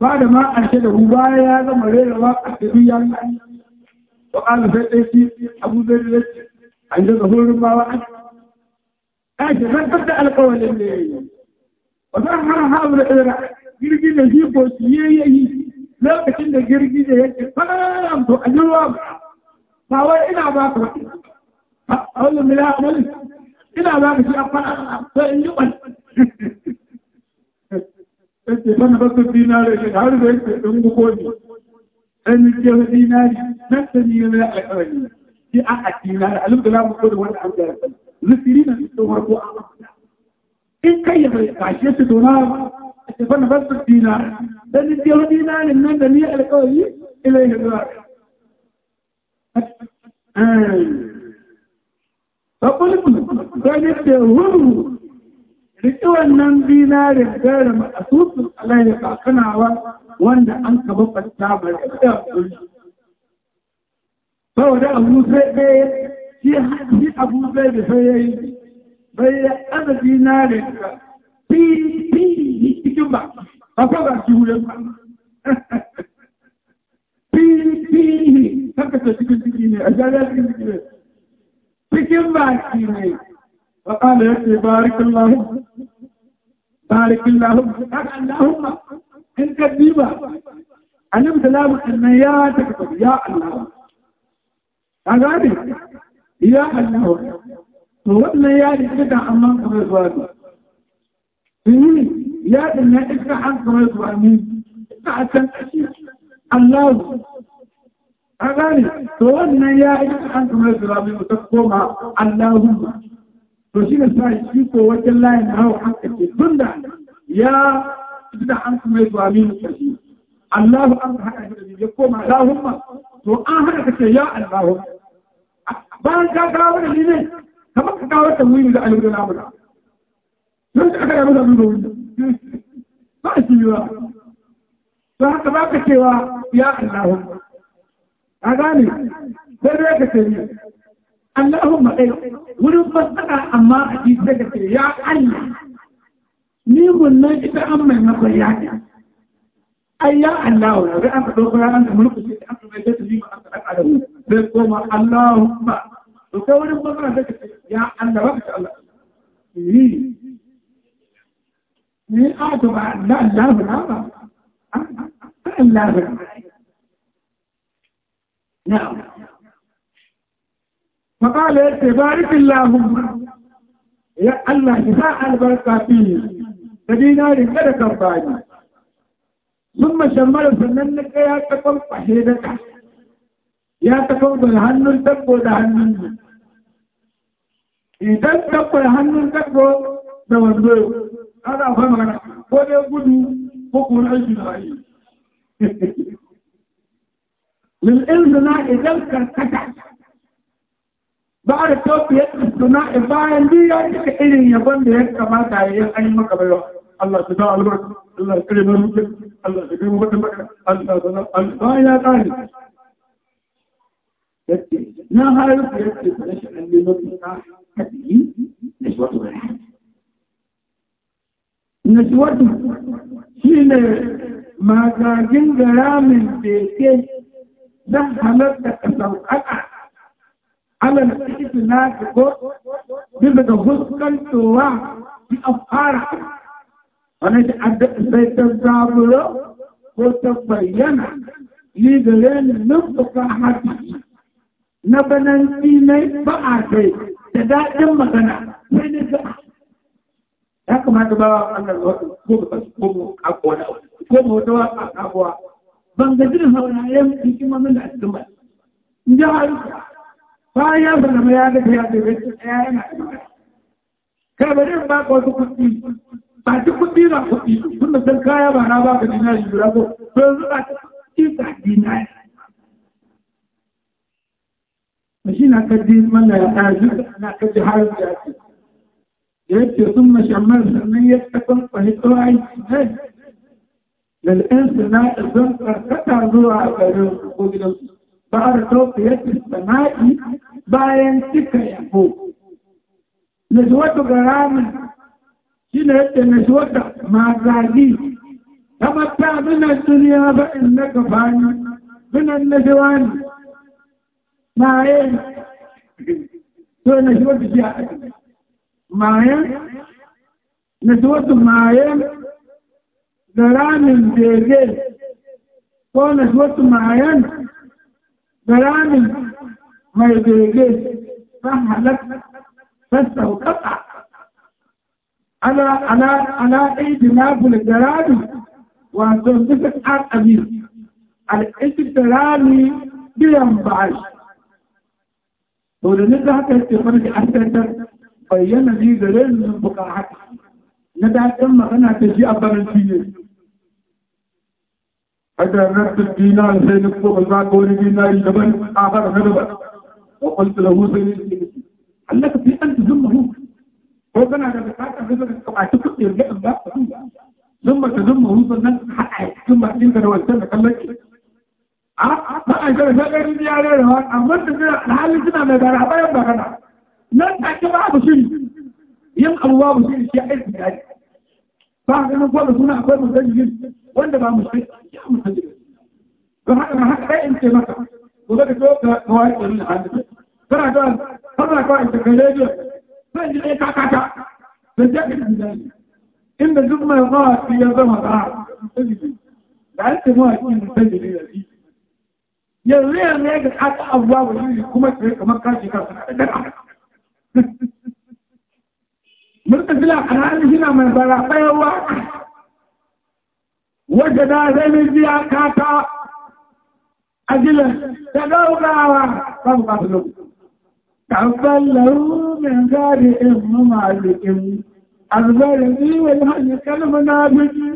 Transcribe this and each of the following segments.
بعد ما أنشده بايا هذا مريض ما أكتبيا وقال فإيسي أبو ذر عند ظهور ما وعد أجل من تبدأ القول اللي وظهر هؤلاء الرعب jirgi da shi ko siye ya yi lokacin da jirgi da yake faram to a jirwa ba wai ina ba ka wani mila amalin ina za ka ci an fara sai in yi ɓan yake fana ba su dinare shi har da yake ɗin guko ne ɗan yake wa dinari na sani ya zai alƙarari shi an a dinari a lukula mu kodin wani an gara zikiri na su farko a in kai ya bai kashe su dona yake fana ba su dinari ɗan yake wa dinari nan da ni alƙarari ilai ya zuwa. bayar da wuru riƙe wannan zinarin garin a tutsun alayyar kakanawa wanda an kaba fasta mai da kuri saboda abu sai ɗaya shi abu sai da sai yayi bai ya ana zinarin ka fi fi cikin ba ba fa ba shi wurin ba fi fi haka ta cikin ciki ne a jada cikin ciki ne cikin ba shi ne فقال يكفي بارك الله بارك الله قال اللهم إن كذبا أنا بسلام أن يا تكتب يا الله أغاني يا الله وأنا يا لكتا أمام قبل يا أن إذا الله قبل أمين أحسن الله أغاني وأنا يا إذا عن قبل أمين وتقوم اللهم to shi ne sai shi ko wajen layin hawa an kace tunda ya tunda an kuma yi zuwa min kashi Allahu an haɗa shi da ya koma Allahumma to an haɗa kace ya Allahu bayan ka kawo da ni ne kamar ka kawo da wuri da alwuri na mura don aka yi masa abin da wuri ba shi yi ba To haka ba ka cewa ya Allahu a gane sai dai ka ce اللهم إيه؟ ولو ولبسنا اما حديث ذلك يا الله نيم الناس تامل نقياك اي يا الله لو انت دوكرا انت ملوك شيء انت ما جيت لي ما انت على بكم اللهم وكون بكره ذلك يا الله وقت الله ni a to ba da Allah ba ba Allah فقال بارك اللهم يا الله دفاع البركة فيه تدينار كذا كرباني ثم شمال فننك يا تقوم فحيدك يا تقوم بالهن الدبو دهن إذا تقوم بالهن الدبو دوزو هذا فهم أنا ولا يقولوا بكون عيش الغيب للإلزنا إذا كان كتعش بعد توب يدرس سنة إبان دي يجب إلي يبان دي يجب ما تعيي أي مكبه يوح الله تدعى الوقت الله تكلم المجد الله تكلم وقت المكبه الله تدعى الله تدعى الله تدعى الله تدعى نشوة شين ما كان جنجرام في كيس ده حمد تكسر أكعب على نتيجة الناس يقول بيبقى غسكن توا في أفكارك أنا سيتزابر وتبين لذلين نفسك حديث نبنانتيني بأعطي تدائم مغنى ya kamata ba Allah wasu ko ba su ko abuwa da ko ba wata waka abuwa ban ga jin haurayen hikimomin da a cikin ba in ji haruka bayan da zama ya gaji ya da rikin ya yana kai bari in ba ka wasu kuɗi ba ci kuɗi na kuɗi tun da san kaya ba na ba ka dinari guda ko to yanzu ba ci kuɗi ga dinari da shi na kaji mana ya ɗaji na kaji har da ce da yake sun mashammar sannan ya taɓa fahimtar aiki ne da ɗan suna da zan karkata zuwa a garin ko gidansu بعد توفية السماء باين تكا يقول نزوة غرام شنة نزوة معزالي تمتع من الدنيا فإنك فاني من النجوان معين تو نزوة جاءت معين نزوة معين غرام بيجي تو نزوة معين برامج ما يبيجيش فهلك انا على اي على ايد نابل الجرامي وتنطبق على الامير الاستدلالي بينبعش ولنبدا حتى استيقان اساسا بين لي غير من بقاعته ندعت كما انا تجي ابرنتيه حتى نفس الدينار زي نكتب الباقول دينار جبل آخر هدبا وقلت له سيدي علك في أن تذمه وكان آه، على بساطة هدبا أعتقد يرجع الباب ثم تذمه صنع ثم تلك الوالسان قال ba a gari sakarin yare da wani amma da suna halin suna mai gara bayan magana nan take ba abu shiri yin abuwa bu shiri shi a irin yare ba a ganin gwamnati suna akwai musajirin wanda ba musajirin ya musajirin ba haka na haka ɗayan ce maka gobe ka so ka kawai ɗari na hannu kana ga kana ga ita ga rediyo sai ji ɗaya kakata da ta ka ji dani inda duk mai mawaƙi ya zama ba da ake mawaƙi musajirin da shi yanzu yanzu ya ga aka abuwa wa yi kuma kamar kashi kansa da ɗan murtazila kanani suna mai barafayawa wadda da zai biya kata ajilan ta daurawa kan kwallo kafin lahu min gari in mamalikin albarin iwon hanyar kalmar na biki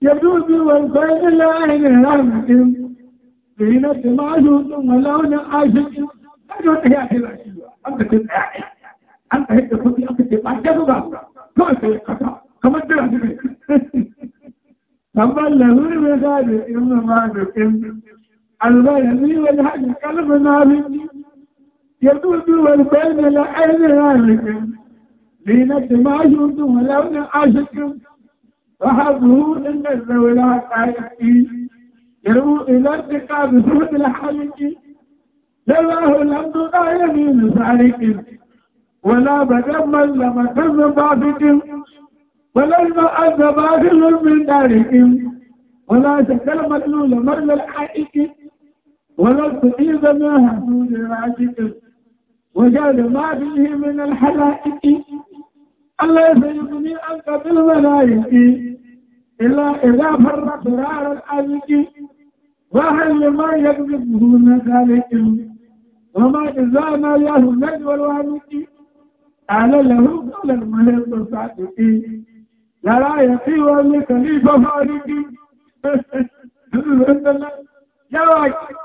ya dubi wanzan ilayen ramakin da yi na timalu ɗin walaunin ashirin ta yi wata yaƙi lafiya an ka tun ɗaya an ka yadda kuɗi aka ce ba ta zuba kawai ka yi kasa kamar jira ne amma laluri mai gane in ma da in albayani wani haɗin kalmar na bin يدود والبين لعين ذلك زينة ما يرد ولون عاشق وحظه إن الزولاء قائد يروى إلى ارتقى بسود الحالك لله الأمر لا يمين سارق ولا بدم لما لم بابكم ولا ما أنت باغل من داركم ولا تكل مدلول مر الحائك ولا تقيد ما حدود راجك وجاد ما فيه من الحلائك الله سيغني أنت بالملائك إلا إذا فرق رار الأذك وهل لما يكذبه ذلك وما إذا ما نجوى والوانك قال له قال الملك الصادقي لا يقيوا لك لي ففارقي يا راجل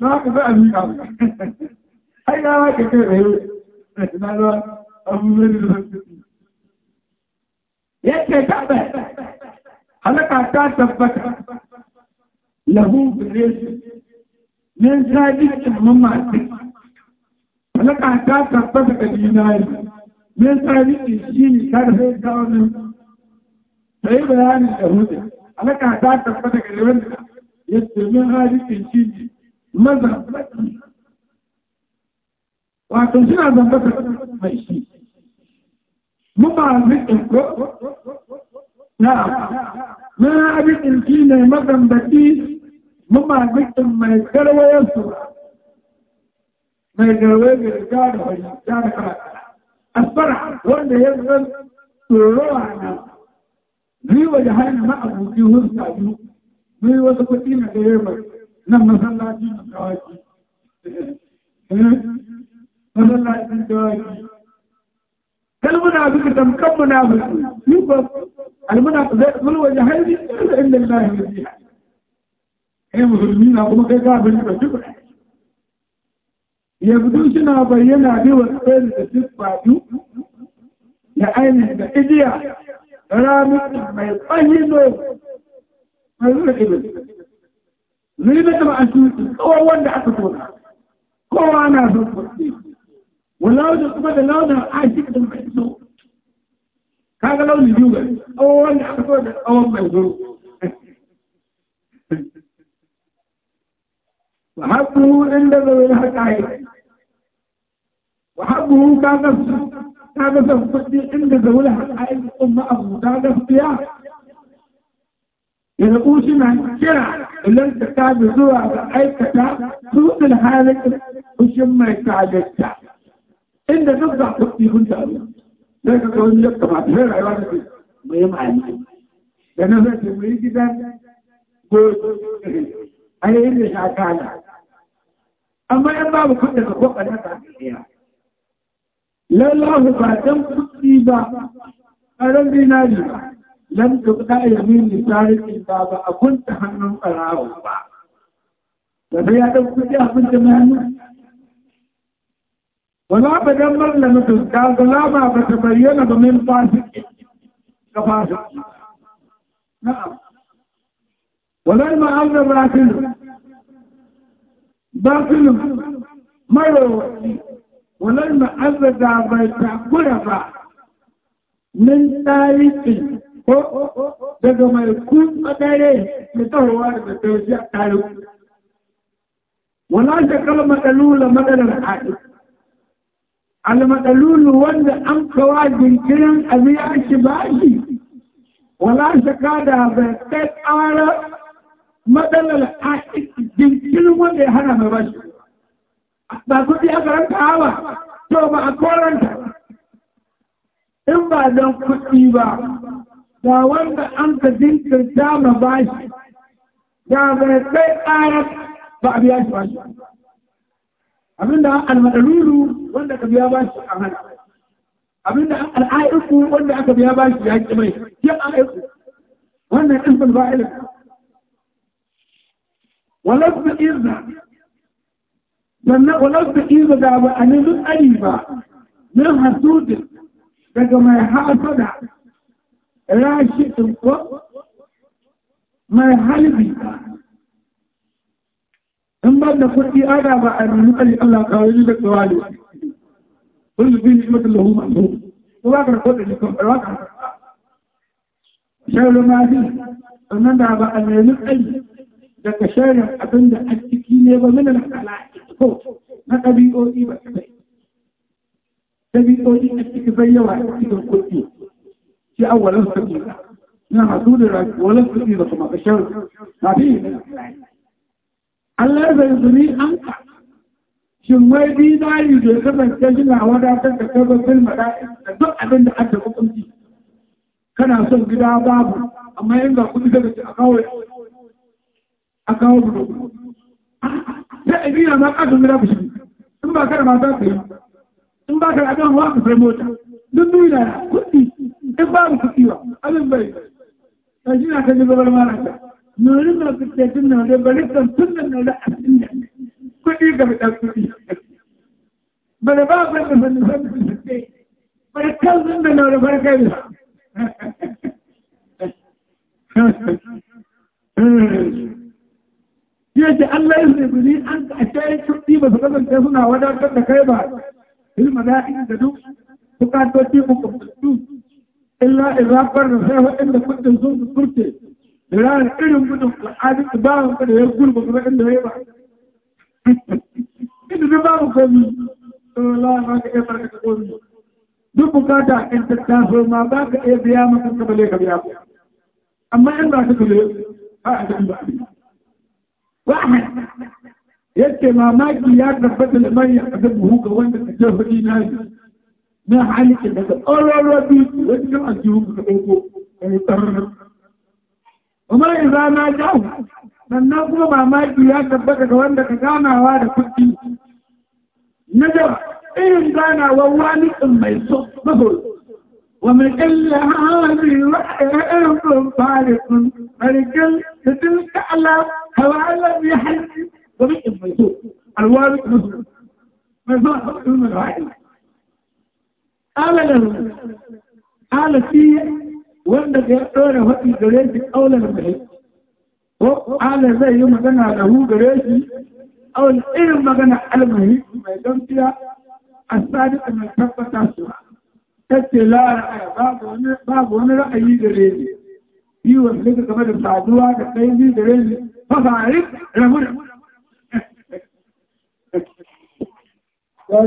ما كفى أبي قبل هيا راجل كيف هي أبو مريد yake gaba halaka ta tabbata lahu biresu min sadiqin mamatin halaka ta tabbata ga dinari من طريق الدين كره دون sai bayanin da hudu alaka ta tabbata daga wanda yadda min hadisin shi maza wato suna zambata mai shi mu ba zikin ko na min hadisin shi ne mazambaci mu ba zikin mai garwayarsu mai garwayar da ta da fahimta da karatu الفرح هو اللي يبغل روحنا ليه وجهانا ما أقول ليه وزقا جنو ليه وزقا دينا كيبك نما صلى دينا كواجي فصلى دينا كواجي المنافق تم كم منافق يبقى المنافق ذلك وجهانا إلا الله يزيح هم إيه ظلمين أقوم كيكا بلقى شكرا yabdu suna bayyana bi wasfari da siffatu da ainihin da igiya ramuka mai tsayino mai zuwa ibin zai da taba an shuɗi tsawon wanda aka tona kowa na zo kwaɗi walau da kuma da launin aiki da mai so kaga launin biyu ga tsawon wanda aka tona da tsawon mai zo وحقه عند ذوي الحقائق وحبه كان كان تصديق عند ذوي الحقائق الأمة أبو كان اختيار إذا أوشنا كرا لن تتابع زوا أي كتاب سوط الحالك وشم يتعجبك إن نفضع تصديق تابع ذلك قول لك ما تفير عبارة ما يمعي معي لأنه ذات المريد إذا قلت أي إلي شعكانا أما إما بكل تقوق أنا تعمل إياه لا الله بعدم تصيبا أرم بنادي لم تبقى يمين لسارك بابا أكنت حنم أراه بابا لبي أدم كنت أكنت مهنم ولا بدمر لم تبقى ولا ما بتبين بمن فاسك كفاسك نعم ولا ما أنا باطل باطل ما يروي ولما أبدا بيتا قرفا من تاريخي هو هو ما يكون قدري كتو وارد توجيه تاريخ ولا شكل مدلول مدل الحاج على مدلول وند أم كواجن كرن أبيع شباشي ولا شكادا بيتا على مدل الحاج جنكل مدل هرم بشي ba kuɗi aka ranka ba to ba a koranta in ba don kuɗi ba Ba wanda an ka jinkirta ma bashi ga bai kai ƙarar ba a biya shi ba bashi abinda almadaruru wanda ka biya bashi a hana abinda al'aiku wanda aka biya bashi ya ƙi mai ya al'aiku wannan ɗin fulfa'ilin walaupun izna sannan walar da iza da ba a nufin ari ba min hasudin daga mai hasada rashi ko mai halbi in ba da kuɗi ana ba a nufin ari Allah kawai ni da tsawali kullu bi ni'matin lahu ma'zur ko ba ka ko da ko ba ka shaylu ma fi sannan da ba a nufin ari daga sharin abinda a ciki ne ba min al-hala'i passport na ɗabi'o'i ba kai ɗabi'o'i na cikin bayyawa a cikin kuɗi shi an walar kuɗi na hasu da walar kuɗi da kuma ƙashar tafi Allah bai zuri an ka shin wai dinari da ya kasance yana wadatar da tabbatar mada'in da duk abin da aka hukunci kana son gida babu amma yin ga kudi daga ci a kawo a kawo da ibiya ma kasan gida ku shi in ba kada ma za ku yi in ba kada abin wa ku sai mota duk duniya kuɗi in ba ku kuɗi ba abin bai ta shi na kan gabar marasa nurin na kuɗi tun na da bari kan tun da na da asin da kuɗi ga fitar kuɗi bada ba ku da sanin sanin su suke bada kan sun da na da farkai da Hmm. sai ce Allah ya zai an ashe kuɗi ba su kasance suna wadatar da kai ba fil mala'ika da duk bukatoci mu kuɗu illa izafar da sai waɗanda kuɗin sun su kurce da ranar irin gudun al'adun da bawan ka da ya gurba kuma inda ya ba inda da bawan komi to Allah ba ka iya barka ta komi duk bukata in ta taso ma ba ka iya biya maka ka bale ka biya amma in ba ka kule ba a ga ba واحمد انت ما ماجي يا ابن بدل ما يقدم هو كوين الجهري نايم ما حالك الهدف الله ربي وانت ما تجيبوك كبوكو ويطرر وما إذا ما جاو من نظر ما ماجي يا ابن بدل كوين دك كاما وانا كنتي نجر إن كان وواني إما يصف بهل ومن إلا هذه الوحي أنتم فارق فلكل تتلك الله فلعلم يحل طريق الميسور الوالد مسلم ميسور من الواحد قال له قال في وندك يقول وقت جريسي أولا من وقال زي يوم كان له جريسي أو الإلم ما كان علمه ما يدوم فيها الصادق من كفتها سوا تتلا رأي باب ونرأي جريسي yi wa shi ne kamar da saduwa da tsayin da rai fasa a rai rabu da